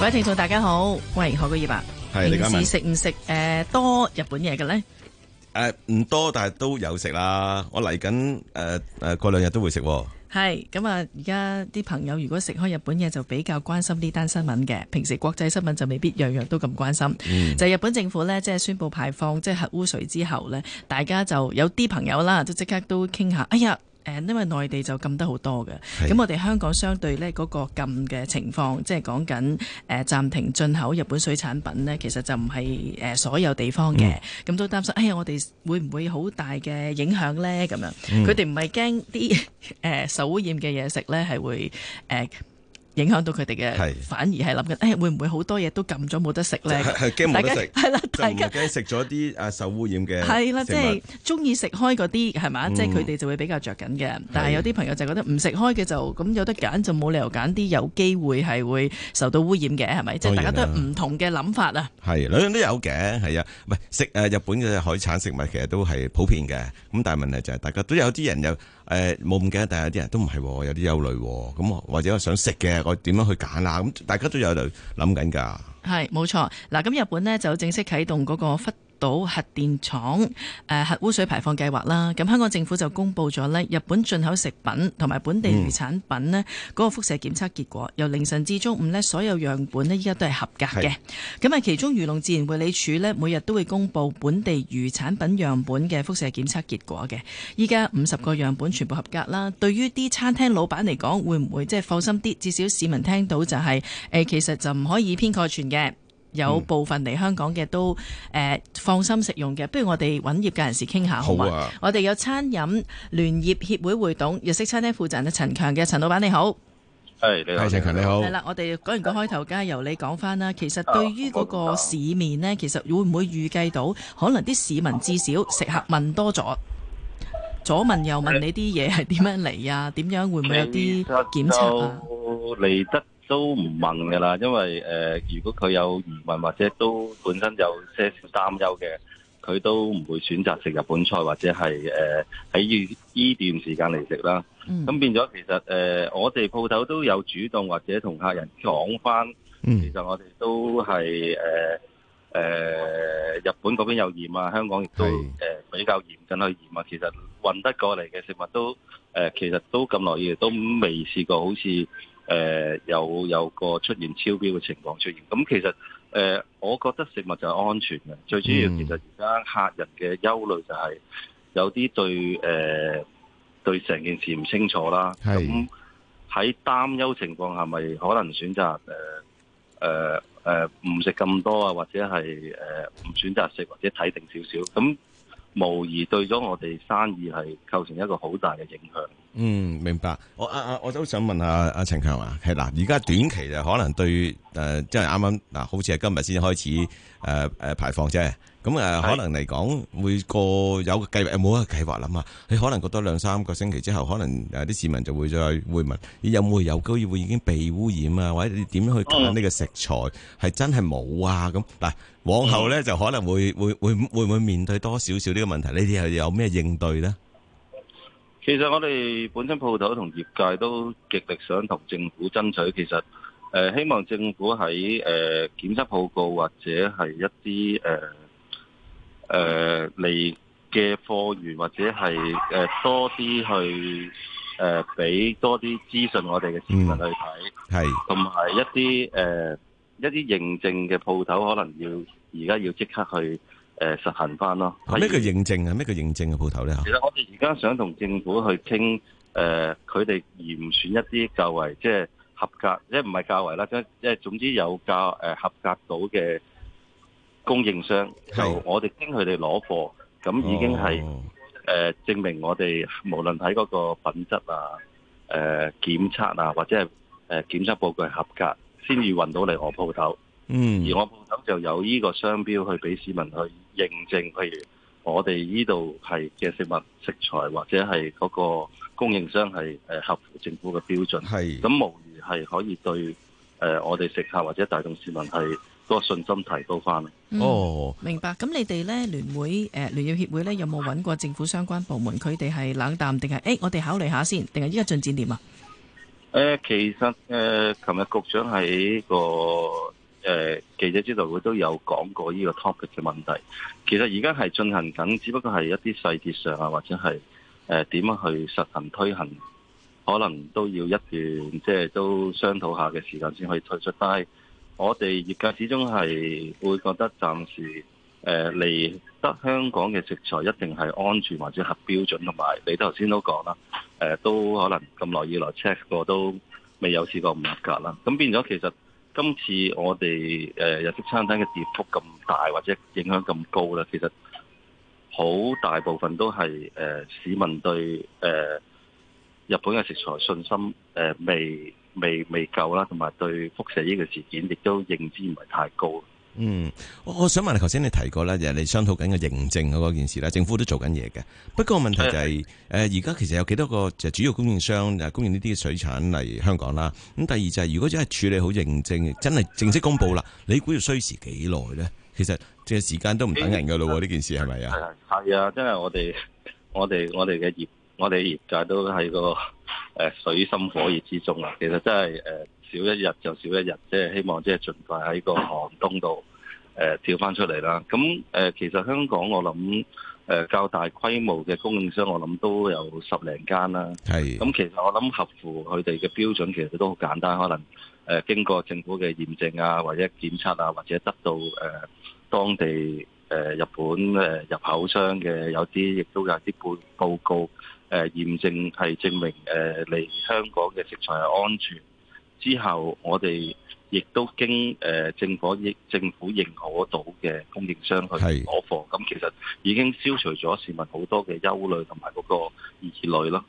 各位聽眾大家好，喂，何國義啊是？平時食唔食誒多日本嘢嘅呢？誒、呃，唔多，但係都有食啦。我嚟緊誒誒過兩日都會食。係咁啊！而家啲朋友如果食開日本嘢，就比較關心呢單新聞嘅。平時國際新聞就未必樣樣都咁關心。嗯、就是、日本政府呢，即、就、係、是、宣布排放即係、就是、核污水之後呢，大家就有啲朋友啦，都即刻都傾下，哎呀！誒，因為內地就禁得好多嘅，咁我哋香港相對咧嗰個禁嘅情況，即係講緊誒暫停進口日本水產品咧，其實就唔係誒所有地方嘅，咁、嗯、都擔心，哎呀，我哋會唔會好大嘅影響咧？咁樣，佢哋唔係驚啲誒受污染嘅嘢食咧，係會誒。影響到佢哋嘅，反而係諗緊，誒會唔會好多嘢都禁咗冇得食咧？大家係啦，大家驚食咗啲誒受污染嘅。係啦，即係鍾意食開嗰啲係嘛？即係佢哋就會比較著緊嘅。但係有啲朋友就覺得唔食開嘅就咁有得揀就冇理由揀啲有機會係會受到污染嘅係咪？即係大家都唔同嘅諗法啊。係兩樣都有嘅，係啊，唔係食誒日本嘅海產食物其實都係普遍嘅。咁但係問題就係大家都有啲人又誒冇咁驚，但係有啲人都唔係有啲憂慮咁，或者我想食嘅。大概點樣去揀啊？咁大家都有度諗緊㗎。係冇錯，嗱咁日本呢就正式啟動嗰個忽到核電廠、啊、核污水排放計劃啦。咁香港政府就公布咗咧，日本進口食品同埋本地漁產品咧，嗰個輻射檢測結果、嗯，由凌晨至中午咧，所有樣本咧依家都係合格嘅。咁啊，其中漁農自然護理署咧，每日都會公布本地漁產品樣本嘅輻射檢測結果嘅。依家五十個樣本全部合格啦。對於啲餐廳老闆嚟講，會唔會即係放心啲？至少市民聽到就係、是、誒，其實就唔可以偏概全嘅。有部分嚟香港嘅都誒、呃、放心食用嘅，不如我哋揾業界人士傾下好嘛、啊？我哋有餐飲聯業協會會董日式餐廳負責人嘅陳強嘅，陳老闆，你好，係，你好，陳強，你好。係啦，我哋講完個開頭梗係由你講翻啦。其實對於嗰個市面呢，其實會唔會預計到可能啲市民至少食客問多咗，左問右問你啲嘢係點樣嚟啊？點樣會唔會有啲檢測啊？嚟得。都唔問嘅啦，因為誒、呃，如果佢有疑問或者都本身有些少擔憂嘅，佢都唔會選擇食日本菜或者係誒喺呢段時間嚟食啦。咁、嗯、變咗其實誒、呃，我哋鋪頭都有主動或者同客人講返、嗯，其實我哋都係誒誒日本嗰邊有驗啊，香港亦都誒、呃、比較嚴謹去驗啊。其實運得過嚟嘅食物都誒、呃，其實都咁耐亦都未試過好似。誒、呃、有有個出現超標嘅情況出現，咁、嗯、其實誒、呃，我覺得食物就係安全嘅，最主要其實而家客人嘅憂慮就係、是、有啲對誒、呃、對成件事唔清楚啦，咁、嗯、喺擔憂情況下，咪可能選擇誒誒誒唔食咁多啊，或者係誒唔選擇食或者睇定少少咁。嗯無疑對咗我哋生意係構成一個好大嘅影響。嗯，明白。我阿阿、啊、我都想問下阿陳、啊、強、啊，係啦，而家短期咧可能對誒，即係啱啱嗱，好似係今日先開始誒誒、呃呃、排放啫。咁誒，可能嚟講，每個有計劃誒，有冇一個計劃諗啊。你可能覺得兩三個星期之後，可能誒啲市民就會再會問，有冇有機會已經被污染啊？或者你點樣去揀呢個食材係真係冇啊？咁嗱，往後咧就可能會會會會唔會面對多少少呢個問題？呢啲係有咩應對咧？其實我哋本身鋪頭同業界都極力想同政府爭取，其實誒希望政府喺誒檢測報告或者係一啲誒。誒、呃，嚟嘅貨源或者係誒、呃、多啲去誒，俾、呃、多啲資訊我哋嘅市民去睇。係同埋一啲誒、呃、一啲認證嘅鋪頭，可能要而家要即刻去誒、呃、實行翻咯。係咩、哦、叫認證啊？咩叫認證嘅鋪頭咧？其實我哋而家想同政府去傾，誒佢哋嚴選一啲較為即係合格，即係唔係較為啦？即係總之有較、呃、合格到嘅。供應商就我哋經佢哋攞貨，咁已經係誒、oh. 呃、證明我哋無論喺嗰個品質啊、誒、呃、檢測啊，或者係誒、呃、檢測報告係合格，先至運到嚟我鋪頭。嗯、mm.，而我鋪頭就有呢個商標去俾市民去認證，譬如我哋呢度係嘅食物食材或者係嗰個供應商係、呃、合乎政府嘅標準。係、mm. 咁無疑係可以對誒、呃、我哋食客或者大眾市民係。那個信心提高翻哦，明白。咁你哋咧聯會誒、呃、聯業協會呢，有冇揾過政府相關部門？佢哋係冷淡定係誒？我哋考慮下先，定係依家進展點啊？誒、呃，其實誒，琴日局長喺、個誒、呃、記者招待會都有講過呢個 topic 嘅問題。其實而家係進行緊，只不過係一啲細節上啊，或者係誒、點樣去實行推行，可能都要一段即係都商討下嘅時間先可以推出。但係我哋業界始終係會覺得暫時誒嚟得香港嘅食材一定係安全或者合標準，同埋你頭先都講啦，誒都可能咁耐以來 check 過都未有試過唔合格啦。咁變咗其實今次我哋誒日式餐廳嘅跌幅咁大，或者影響咁高啦，其實好大部分都係誒市民對誒日本嘅食材信心誒未未未夠啦，同埋對輻射呢個事件亦都認知唔係太高。嗯，我我想問你，你頭先你提過啦就係、是、你商討緊嘅認證嗰件事啦，政府都做緊嘢嘅。不過問題就係、是，誒而家其實有幾多個就主要供應商供應呢啲嘅水產嚟香港啦。咁第二就係、是，如果真係處理好認證，真係正式公布啦，你估要需時幾耐咧？其實即係時間都唔等人噶咯，呢件事係咪啊？係啊，真係我哋我哋我哋嘅業我哋嘅業界都係個。誒，水深火熱之中啦，其實真係誒少一日就少一日，即係希望即係盡快喺個寒冬度誒跳翻出嚟啦。咁誒，其實香港我諗誒較大規模嘅供應商，我諗都有十零間啦。係，咁其實我諗合乎佢哋嘅標準，其實都好簡單，可能誒經過政府嘅驗證啊，或者檢測啊，或者得到誒當地誒日本誒入口商嘅有啲，亦都有啲報報告。誒、呃，驗證係證明，誒、呃、嚟香港嘅食材係安全。之後，我哋亦都經誒政府認政府認可到嘅供應商去攞貨。咁其實已經消除咗市民好多嘅憂慮同埋嗰個疑慮咯。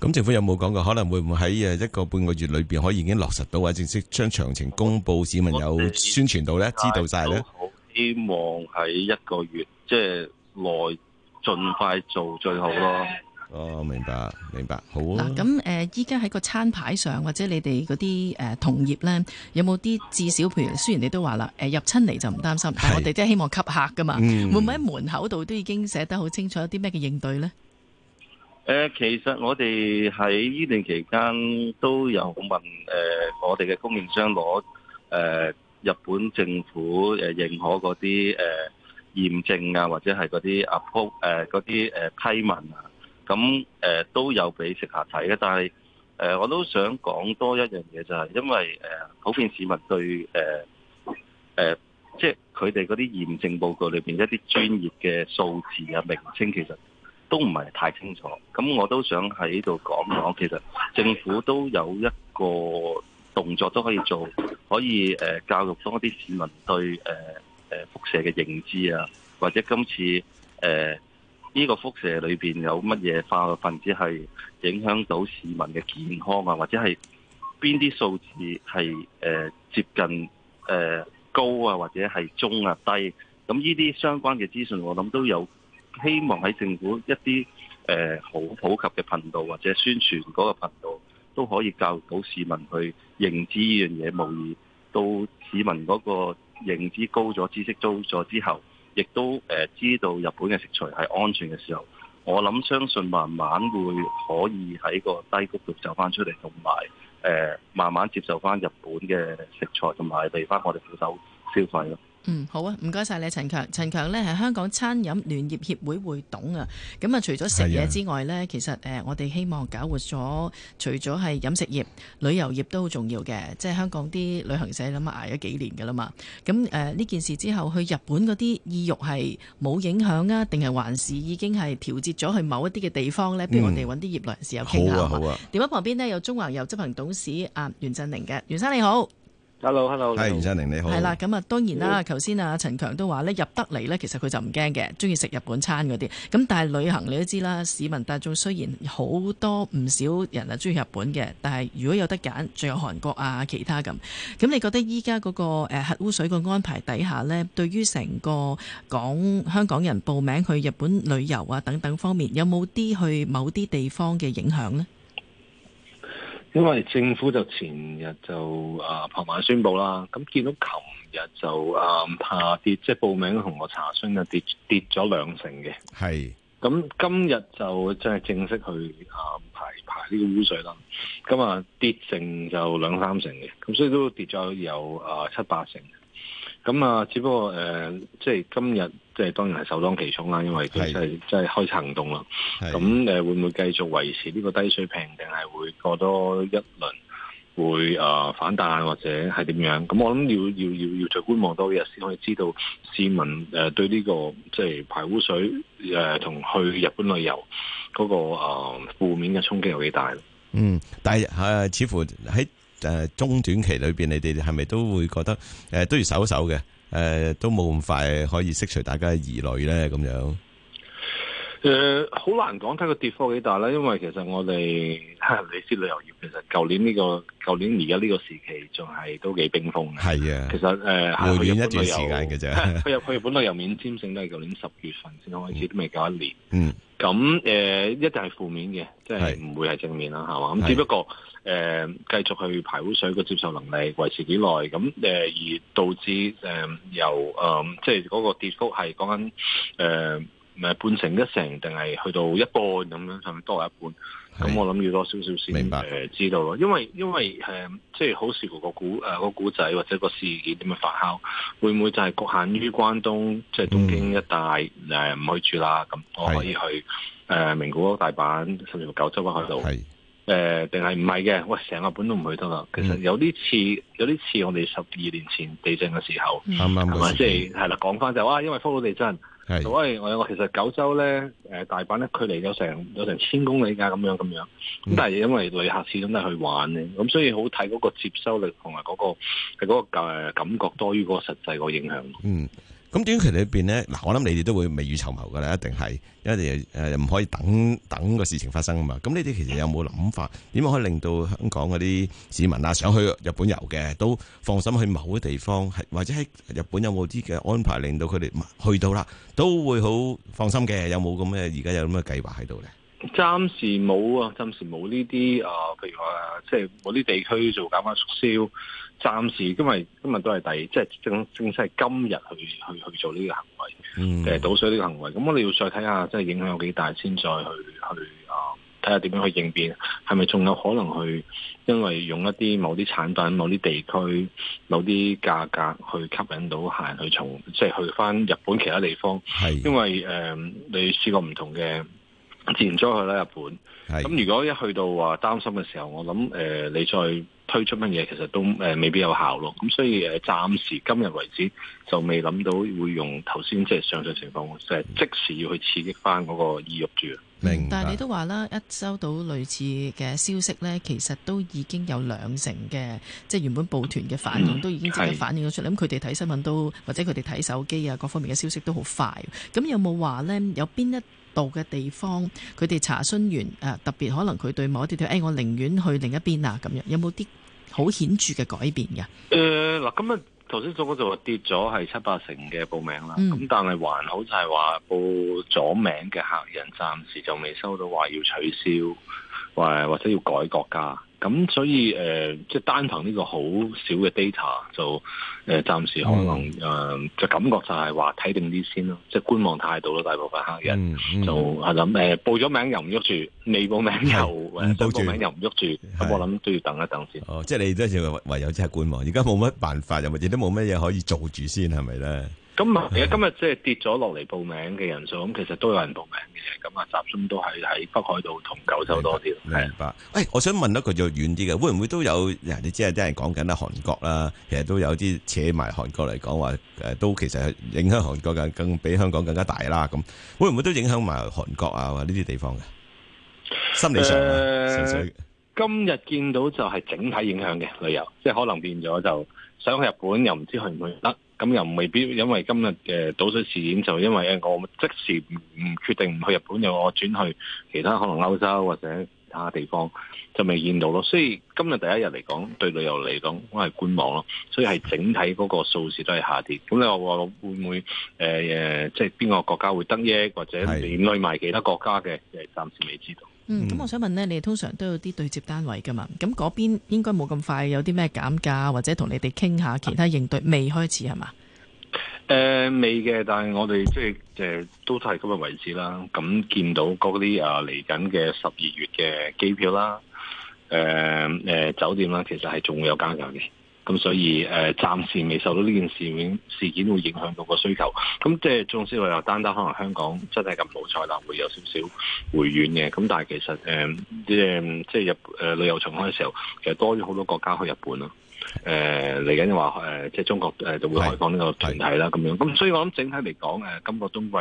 咁政府有冇講過可能會唔會喺誒一個半個月裏邊可以已經落實到或者正式將詳情公佈，市民有宣傳到呢？知道晒呢？好希望喺一個月即係內盡快做最好咯。哦，明白，明白，好、啊。嗱、啊，咁誒，依家喺個餐牌上或者你哋嗰啲誒同業咧，有冇啲至少，譬如雖然你都話啦，誒入親嚟就唔擔心，但係我哋即係希望吸客噶嘛，嗯、會唔會喺門口度都已經寫得好清楚，有啲咩嘅應對咧？誒、呃，其實我哋喺呢段期間都有問，誒、呃，我哋嘅供應商攞誒、呃、日本政府誒認可嗰啲誒驗證啊，或者係嗰啲 approve 誒啲誒批文啊。咁誒、呃、都有俾食客睇嘅，但係誒、呃、我都想講多一樣嘢就係，因為誒、呃、普遍市民對誒誒即係佢哋嗰啲驗證報告裏面一啲專業嘅數字啊、名稱，其實都唔係太清楚。咁我都想喺度講講，其實政府都有一個動作都可以做，可以誒教育多啲市民對誒誒、呃、輻射嘅認知啊，或者今次誒，呃呢、這個輻射裏邊有乜嘢化學分子係影響到市民嘅健康啊？或者係邊啲數字係誒接近誒高啊？或者係中啊低？咁呢啲相關嘅資訊，我諗都有希望喺政府一啲誒好普及嘅頻道或者宣傳嗰個頻道都可以教到市民去認知呢樣嘢。無疑，到市民嗰個認知高咗、知識高咗之後，亦都呃知道日本嘅食材係安全嘅時候，我諗相信慢慢會可以喺個低谷度走翻出嚟，同埋、呃、慢慢接受翻日本嘅食材，同埋嚟翻我哋鋪頭消費咯。嗯，好啊，唔該晒你，陳強。陳強呢係香港餐飲聯業協會會董啊。咁啊，除咗食嘢之外呢，其實誒，我哋希望搞活咗，除咗係飲食業、旅遊業都好重要嘅。即係香港啲旅行社咁啊，捱咗幾年㗎啦嘛。咁誒呢件事之後，去日本嗰啲意欲係冇影響啊，定係還是已經係調節咗去某一啲嘅地方呢？不如我哋揾啲業內人士有傾下。好啊，好啊。電話旁邊呢，有縱橫遊執行董事啊袁振寧嘅，袁生你好。hello hello，係袁振寧，你好。係啦，咁啊當然啦，頭先啊陳強都話咧入得嚟咧，其實佢就唔驚嘅，中意食日本餐嗰啲。咁但係旅行你都知啦，市民大眾雖然好多唔少人啊中意日本嘅，但係如果有得揀，仲有韓國啊其他咁。咁你覺得依家嗰個核污水個安排底下呢，對於成個港香港人報名去日本旅遊啊等等方面，有冇啲去某啲地方嘅影響呢？因為政府就前日就啊，傍晚宣布啦。咁見到琴日就啊，下跌，即係報名同我查詢就跌跌咗兩成嘅。係，咁今日就即係正式去啊排排呢個污水啦。咁啊，跌剩就兩三成嘅，咁所以都跌咗有啊七八成。咁啊，只不過誒、呃，即係今日，即係當然係首當其衝啦，因為佢真係真係開始行動啦。咁誒，會唔會繼續維持呢個低水平，定係會過多一輪會誒、呃、反彈，或者係點樣？咁、嗯、我諗要要要要再觀望多日先可以知道市民誒、呃、對呢、這個即係排污水誒同、呃、去日本旅遊嗰、那個誒、呃、負面嘅衝擊有幾大。嗯，但係、呃、似乎喺誒中短期裏邊，你哋係咪都會覺得誒、呃、都要守守嘅？誒、呃、都冇咁快可以釋除大家嘅疑慮咧，咁樣。誒、呃，好難講，睇個跌幅幾大啦，因為其實我哋吓，你知旅遊業其實舊年呢、這個，舊年而家呢個時期仲係都幾冰封嘅。係啊，其實誒，回、呃、暖一段時間嘅啫。去、去日本旅遊免簽證都係舊年十月份先開始，都未夠一年。嗯，咁誒、呃，一定係負面嘅，即係唔會係正面啦，係嘛。咁只不過誒，繼、呃、續去排污水嘅接受能力維持幾耐，咁誒、呃、而導致誒、呃、由誒、呃、即係嗰個跌幅係講緊誒。呃半成一成定係去到一半咁樣，上面多一半。咁我諗要多少少先明白知道咯。因為因為、呃、即係好視乎個故、呃那個故仔或者個事件點樣發酵，會唔會就係局限於關東，即係東京一帶誒唔、嗯呃、去住啦？咁我可以去誒名、呃、古屋、大阪甚至乎九州去度。係定係唔係嘅？喂、呃，成、呃、個本都唔去得啦。其實有啲似、嗯、有啲似，我哋十二年前地震嘅時候，啱啱係啦，講、嗯、翻就話、是嗯啊，因為福島地震。所以我有個其實九州咧，誒大阪咧，距離有成有成千公里㗎，咁樣咁樣咁但係因為旅客始終都係去玩嘅，咁所以好睇嗰個接收力同埋嗰個係嗰個誒感覺多於嗰個實際個影響嗯。咁短期裏邊咧，嗱，我諗你哋都會未雨綢繆噶啦，一定係，一定因為誒唔可以等等個事情發生啊嘛。咁呢啲其實有冇諗法，點樣可以令到香港嗰啲市民啊，想去日本遊嘅都放心去某啲地方，係或者喺日本有冇啲嘅安排，令到佢哋去到啦，都會好放心嘅。有冇咁嘅而家有咁嘅計劃喺度咧？暫時冇啊！暫時冇呢啲啊，譬如話、啊，即係某啲地區做減價促銷。暫時因為今日都係第二，即係正正式係今日去去去做呢個行為，誒、嗯、倒水呢個行為。咁我哋要再睇下，即係影響有幾大，先再去去啊睇下點樣去應變，係咪仲有可能去因為用一啲某啲產品、某啲地區、某啲價格去吸引到客人去從即係去翻日本其他地方。係因為誒、呃，你試過唔同嘅。自然再去啦日本，咁如果一去到話擔心嘅時候，我諗、呃、你再推出乜嘢，其實都未必有效咯。咁所以誒暫時今日為止就未諗到會用頭先即係上述情況，即係即時要去刺激翻嗰個意欲住。明，但係你都話啦，一收到類似嘅消息咧，其實都已經有兩成嘅即係原本報團嘅反應、嗯、都已經即刻反映咗出嚟。咁佢哋睇新聞都或者佢哋睇手機啊各方面嘅消息都好快。咁有冇話咧有邊一？度嘅地方，佢哋查詢完，誒、啊、特別可能佢對某一啲，誒、哎、我寧願去另一邊啊，咁樣有冇啲好顯著嘅改變㗎？誒、呃、嗱，咁啊頭先總哥就跌咗係七八成嘅報名啦，咁、嗯、但係還好就係話報咗名嘅客人暫時就未收到話要取消，或或者要改國家。咁所以誒、呃，即係單憑呢個好少嘅 data，就誒暫、呃、時可能誒、嗯呃，就感覺就係話睇定啲先咯，即係觀望態度咯。大部分客人、嗯嗯、就係諗誒，報咗名又唔喐住，未報名又報咗名又唔喐住，咁我諗都要等一等先。哦，即係你都係唯有即係觀望，而家冇乜辦法，又或者都冇乜嘢可以做住先，係咪咧？咁啊，而家今日即係跌咗落嚟報名嘅人數，咁其實都有人報名嘅。咁啊，集中都係喺北海道同九州多啲。明白。誒，我想問一個就遠啲嘅，會唔會都有人？你即係真係講緊啊，韓國啦，其實都有啲扯埋韓國嚟講話。誒，都其實影響韓國嘅，更比香港更加大啦。咁會唔會都影響埋韓國啊？或呢啲地方嘅心理上？誒，今日見到就係整體影響嘅旅遊，即係可能變咗就想去日本，又唔知去唔去得。咁又未必，因為今日嘅、呃、倒水事件，就因為、呃、我即時唔唔決定唔去日本，又我轉去其他可能歐洲或者其他地方，就未見到咯。所以今日第一日嚟講，對旅遊嚟講，我係觀望咯。所以係整體嗰個數字都係下跌。咁你話會唔會、呃、即係邊個國家會得益，或者連累埋其他國家嘅，暫時未知道。嗯，咁我想問咧，你哋通常都有啲對接單位噶嘛？咁嗰邊應該冇咁快有啲咩減價，或者同你哋傾下其他應對未、嗯、開始係嘛？誒、呃，未嘅，但係我哋即係誒都係今日為止啦。咁見到嗰啲嚟緊嘅十二月嘅機票啦，誒、呃、誒、呃、酒店啦，其實係仲會有加價嘅。咁所以誒、呃，暫時未受到呢件事件事件會影響到個需求。咁即係縱使旅遊單單可能香港真係咁好彩，啦會會有少少回軟嘅。咁但係其實誒，即係即係入、呃、旅遊重開嘅時候，其實多咗好多國家去日本啦。誒、呃，嚟緊話誒，即、呃、係中國誒，就會開放呢個團體啦，咁樣。咁所以我諗整體嚟講，誒，今個冬季，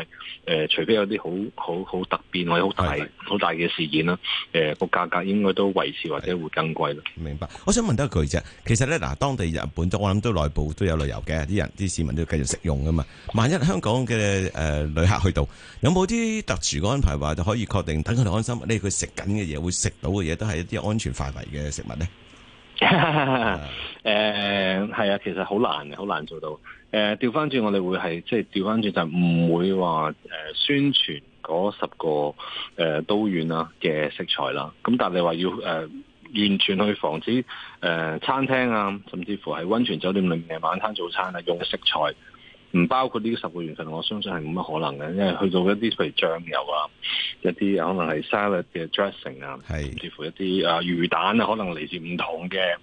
誒，除非有啲好好好特別或者好大好大嘅事件啦，誒、呃，個價格應該都維持或者會更貴啦。明白。我想問多一句啫，其實咧嗱，當地日本我想都我諗都內部都有旅遊嘅，啲人啲市民都要繼續食用噶嘛。萬一香港嘅誒、呃、旅客去到，有冇啲特殊嘅安排，話就可以確定等佢哋安心，你安呢？佢食緊嘅嘢會食到嘅嘢都係一啲安全範圍嘅食物咧？誒、 呃，係啊，其實好難嘅，好難做到。誒、呃，調翻轉我哋會係即係調翻轉就唔會話誒宣傳嗰十個誒、呃、刀丸都縣啦嘅食材啦。咁但係你話要誒、呃、完全去防止誒、呃、餐廳啊，甚至乎係溫泉酒店裏面嘅晚餐、早餐啊用嘅食材。唔包括呢十個元份，我相信係冇乜可能嘅，因為去到一啲譬如醬油啊，一啲可能係 salad 嘅 dressing 啊，係甚至乎一啲啊魚蛋啊，可能嚟自唔同嘅誒、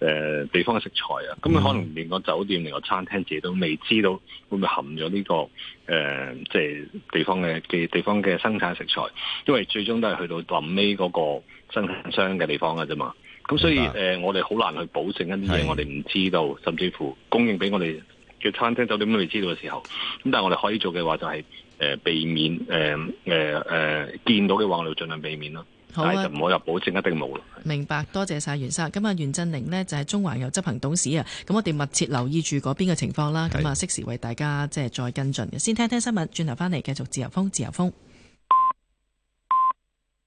呃、地方嘅食材啊，咁、嗯、可能連個酒店、連個餐廳自己都未知道會唔會含咗呢、這個誒，即、呃、係、就是、地方嘅嘅地方嘅生產食材，因為最終都係去到臨尾嗰個生產商嘅地方嘅啫嘛。咁所以誒、呃，我哋好難去保證一啲嘢，我哋唔知道，甚至乎供應俾我哋。叫餐廳、酒店都未知道嘅時候，咁但係我哋可以做嘅話、就係，就、呃、係避免誒誒誒見到嘅話，我哋盡量避免咯、啊，但係就唔可以保證一定冇咯。明白，多謝晒袁生。咁啊，袁振寧呢，就係縱橫遊執行董事啊。咁我哋密切留意住嗰邊嘅情況啦。咁啊，適時為大家即係再跟進嘅。先聽聽新聞，轉頭翻嚟繼續自由風，自由風。